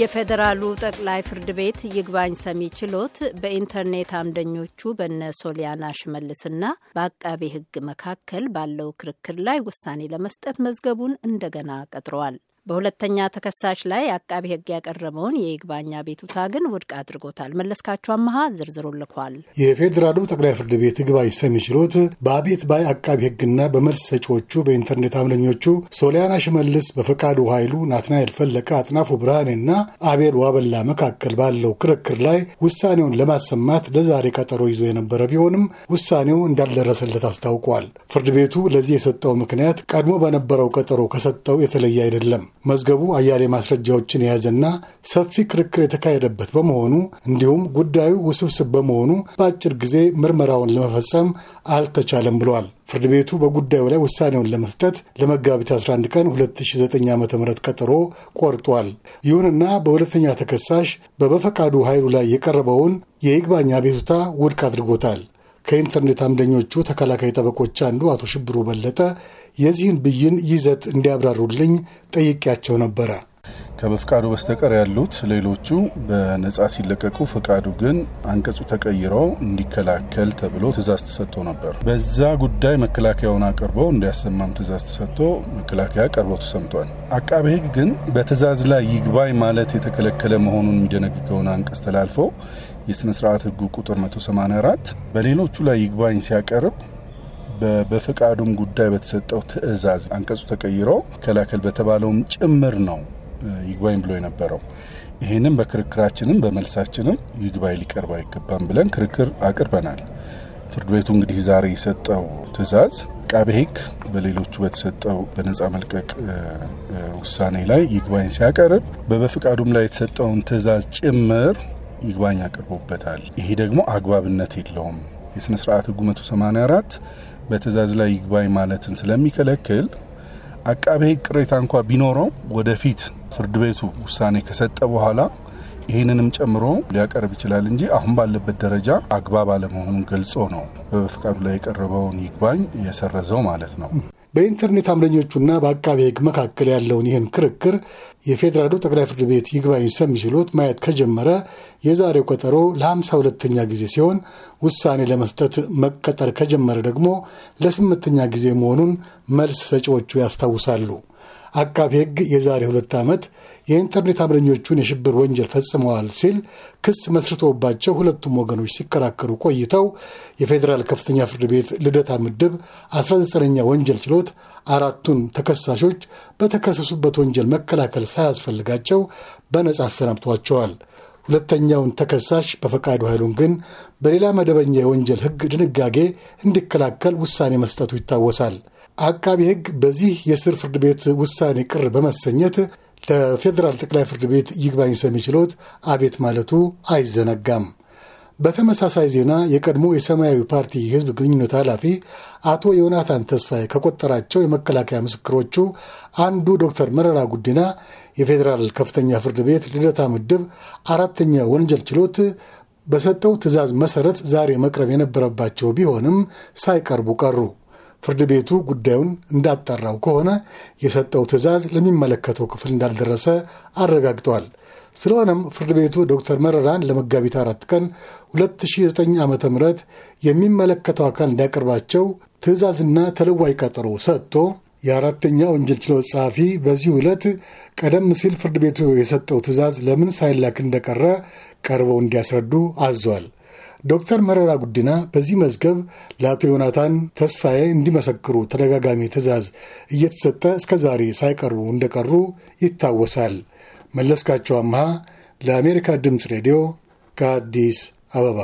የፌዴራሉ ጠቅላይ ፍርድ ቤት ይግባኝ ሰሚ ችሎት በኢንተርኔት አምደኞቹ በነ ሶሊያና ሽመልስና በአቃቤ ሕግ መካከል ባለው ክርክር ላይ ውሳኔ ለመስጠት መዝገቡን እንደገና ቀጥረዋል። በሁለተኛ ተከሳሽ ላይ አቃቢ ሕግ ያቀረበውን የይግባኝ አቤቱታ ግን ውድቅ አድርጎታል። መለስካቸው አመሃ ዝርዝሩ ልኳል። የፌዴራሉ ጠቅላይ ፍርድ ቤት ይግባኝ ሰሚ ችሎት በአቤት ባይ አቃቢ ሕግና በመልስ ሰጪዎቹ በኢንተርኔት አምለኞቹ ሶሊያና ሽመልስ፣ በፈቃዱ ኃይሉ፣ ናትናኤል ፈለቀ፣ አጥናፉ ብርሃኔና አቤል ዋበላ መካከል ባለው ክርክር ላይ ውሳኔውን ለማሰማት ለዛሬ ቀጠሮ ይዞ የነበረ ቢሆንም ውሳኔው እንዳልደረሰለት አስታውቋል። ፍርድ ቤቱ ለዚህ የሰጠው ምክንያት ቀድሞ በነበረው ቀጠሮ ከሰጠው የተለየ አይደለም። መዝገቡ አያሌ ማስረጃዎችን የያዘና ሰፊ ክርክር የተካሄደበት በመሆኑ እንዲሁም ጉዳዩ ውስብስብ በመሆኑ በአጭር ጊዜ ምርመራውን ለመፈጸም አልተቻለም ብሏል። ፍርድ ቤቱ በጉዳዩ ላይ ውሳኔውን ለመስጠት ለመጋቢት 11 ቀን 2009 ዓ ም ቀጠሮ ቆርጧል። ይሁንና በሁለተኛ ተከሳሽ በበፈቃዱ ኃይሉ ላይ የቀረበውን የይግባኝ አቤቱታ ውድቅ አድርጎታል። ከኢንተርኔት አምደኞቹ ተከላካይ ጠበቆች አንዱ አቶ ሽብሩ በለጠ የዚህን ብይን ይዘት እንዲያብራሩልኝ ጠይቄያቸው ነበረ። ከበፍቃዱ በስተቀር ያሉት ሌሎቹ በነጻ ሲለቀቁ ፈቃዱ ግን አንቀጹ ተቀይሮ እንዲከላከል ተብሎ ትእዛዝ ተሰጥቶ ነበር። በዛ ጉዳይ መከላከያውን አቅርበው እንዲያሰማም ትእዛዝ ተሰጥቶ መከላከያ ቀርቦ ተሰምቷል። አቃቤ ሕግ ግን በትእዛዝ ላይ ይግባኝ ማለት የተከለከለ መሆኑን የሚደነግገውን አንቀጽ ተላልፎ የሥነ ስርዓት ሕጉ ቁጥር 184 በሌሎቹ ላይ ይግባኝ ሲያቀርብ በፈቃዱም ጉዳይ በተሰጠው ትእዛዝ አንቀጹ ተቀይሮ ከላከል በተባለውም ጭምር ነው ይግባኝ ብሎ የነበረው ይህንም በክርክራችንም በመልሳችንም ይግባኝ ሊቀርብ አይገባም ብለን ክርክር አቅርበናል። ፍርድ ቤቱ እንግዲህ ዛሬ የሰጠው ትዕዛዝ አቃቤ ሕግ በሌሎቹ በተሰጠው በነጻ መልቀቅ ውሳኔ ላይ ይግባኝ ሲያቀርብ በበፍቃዱም ላይ የተሰጠውን ትዕዛዝ ጭምር ይግባኝ አቅርቦበታል። ይሄ ደግሞ አግባብነት የለውም። የስነ ስርዓት ህጉ 184 በትዕዛዝ ላይ ይግባኝ ማለትን ስለሚከለክል አቃቤ ሕግ ቅሬታ እንኳ ቢኖረው ወደፊት ፍርድ ቤቱ ውሳኔ ከሰጠ በኋላ ይህንንም ጨምሮ ሊያቀርብ ይችላል እንጂ አሁን ባለበት ደረጃ አግባብ አለመሆኑን ገልጾ ነው በፍቃዱ ላይ የቀረበውን ይግባኝ የሰረዘው ማለት ነው። በኢንተርኔት አምረኞቹና በአቃቤ ሕግ መካከል ያለውን ይህን ክርክር የፌዴራሉ ጠቅላይ ፍርድ ቤት ይግባኝ ሰሚ ችሎት ማየት ከጀመረ የዛሬው ቀጠሮ ለሃምሳ ሁለተኛ ጊዜ ሲሆን ውሳኔ ለመስጠት መቀጠር ከጀመረ ደግሞ ለስምንተኛ ጊዜ መሆኑን መልስ ሰጪዎቹ ያስታውሳሉ። አቃቤ ሕግ የዛሬ ሁለት ዓመት የኢንተርኔት አምረኞቹን የሽብር ወንጀል ፈጽመዋል ሲል ክስ መስርቶባቸው ሁለቱም ወገኖች ሲከራከሩ ቆይተው የፌዴራል ከፍተኛ ፍርድ ቤት ልደታ ምድብ 19ኛ ወንጀል ችሎት አራቱን ተከሳሾች በተከሰሱበት ወንጀል መከላከል ሳያስፈልጋቸው በነጻ አሰናብቷቸዋል። ሁለተኛውን ተከሳሽ በፈቃዱ ኃይሉን ግን በሌላ መደበኛ የወንጀል ሕግ ድንጋጌ እንዲከላከል ውሳኔ መስጠቱ ይታወሳል። አቃቢ ሕግ በዚህ የስር ፍርድ ቤት ውሳኔ ቅር በመሰኘት ለፌዴራል ጠቅላይ ፍርድ ቤት ይግባኝ ሰሚ ችሎት አቤት ማለቱ አይዘነጋም። በተመሳሳይ ዜና የቀድሞ የሰማያዊ ፓርቲ ህዝብ ግንኙነት ኃላፊ አቶ ዮናታን ተስፋዬ ከቆጠራቸው የመከላከያ ምስክሮቹ አንዱ ዶክተር መረራ ጉዲና የፌዴራል ከፍተኛ ፍርድ ቤት ልደታ ምድብ አራተኛ ወንጀል ችሎት በሰጠው ትዕዛዝ መሰረት ዛሬ መቅረብ የነበረባቸው ቢሆንም ሳይቀርቡ ቀሩ። ፍርድ ቤቱ ጉዳዩን እንዳጣራው ከሆነ የሰጠው ትዕዛዝ ለሚመለከተው ክፍል እንዳልደረሰ አረጋግጧል። ስለሆነም ፍርድ ቤቱ ዶክተር መረራን ለመጋቢት አራት ቀን 2009 ዓ ም የሚመለከተው አካል እንዲያቀርባቸው ትዕዛዝና ተለዋጭ ቀጠሮ ሰጥቶ የአራተኛ ወንጀል ችሎት ጸሐፊ በዚህ ዕለት ቀደም ሲል ፍርድ ቤቱ የሰጠው ትዕዛዝ ለምን ሳይላክ እንደቀረ ቀርበው እንዲያስረዱ አዟል። ዶክተር መረራ ጉዲና በዚህ መዝገብ ለአቶ ዮናታን ተስፋዬ እንዲመሰክሩ ተደጋጋሚ ትዕዛዝ እየተሰጠ እስከ ዛሬ ሳይቀርቡ እንደቀሩ ይታወሳል። መለስካቸው አምሃ ለአሜሪካ ድምፅ ሬዲዮ ከአዲስ አበባ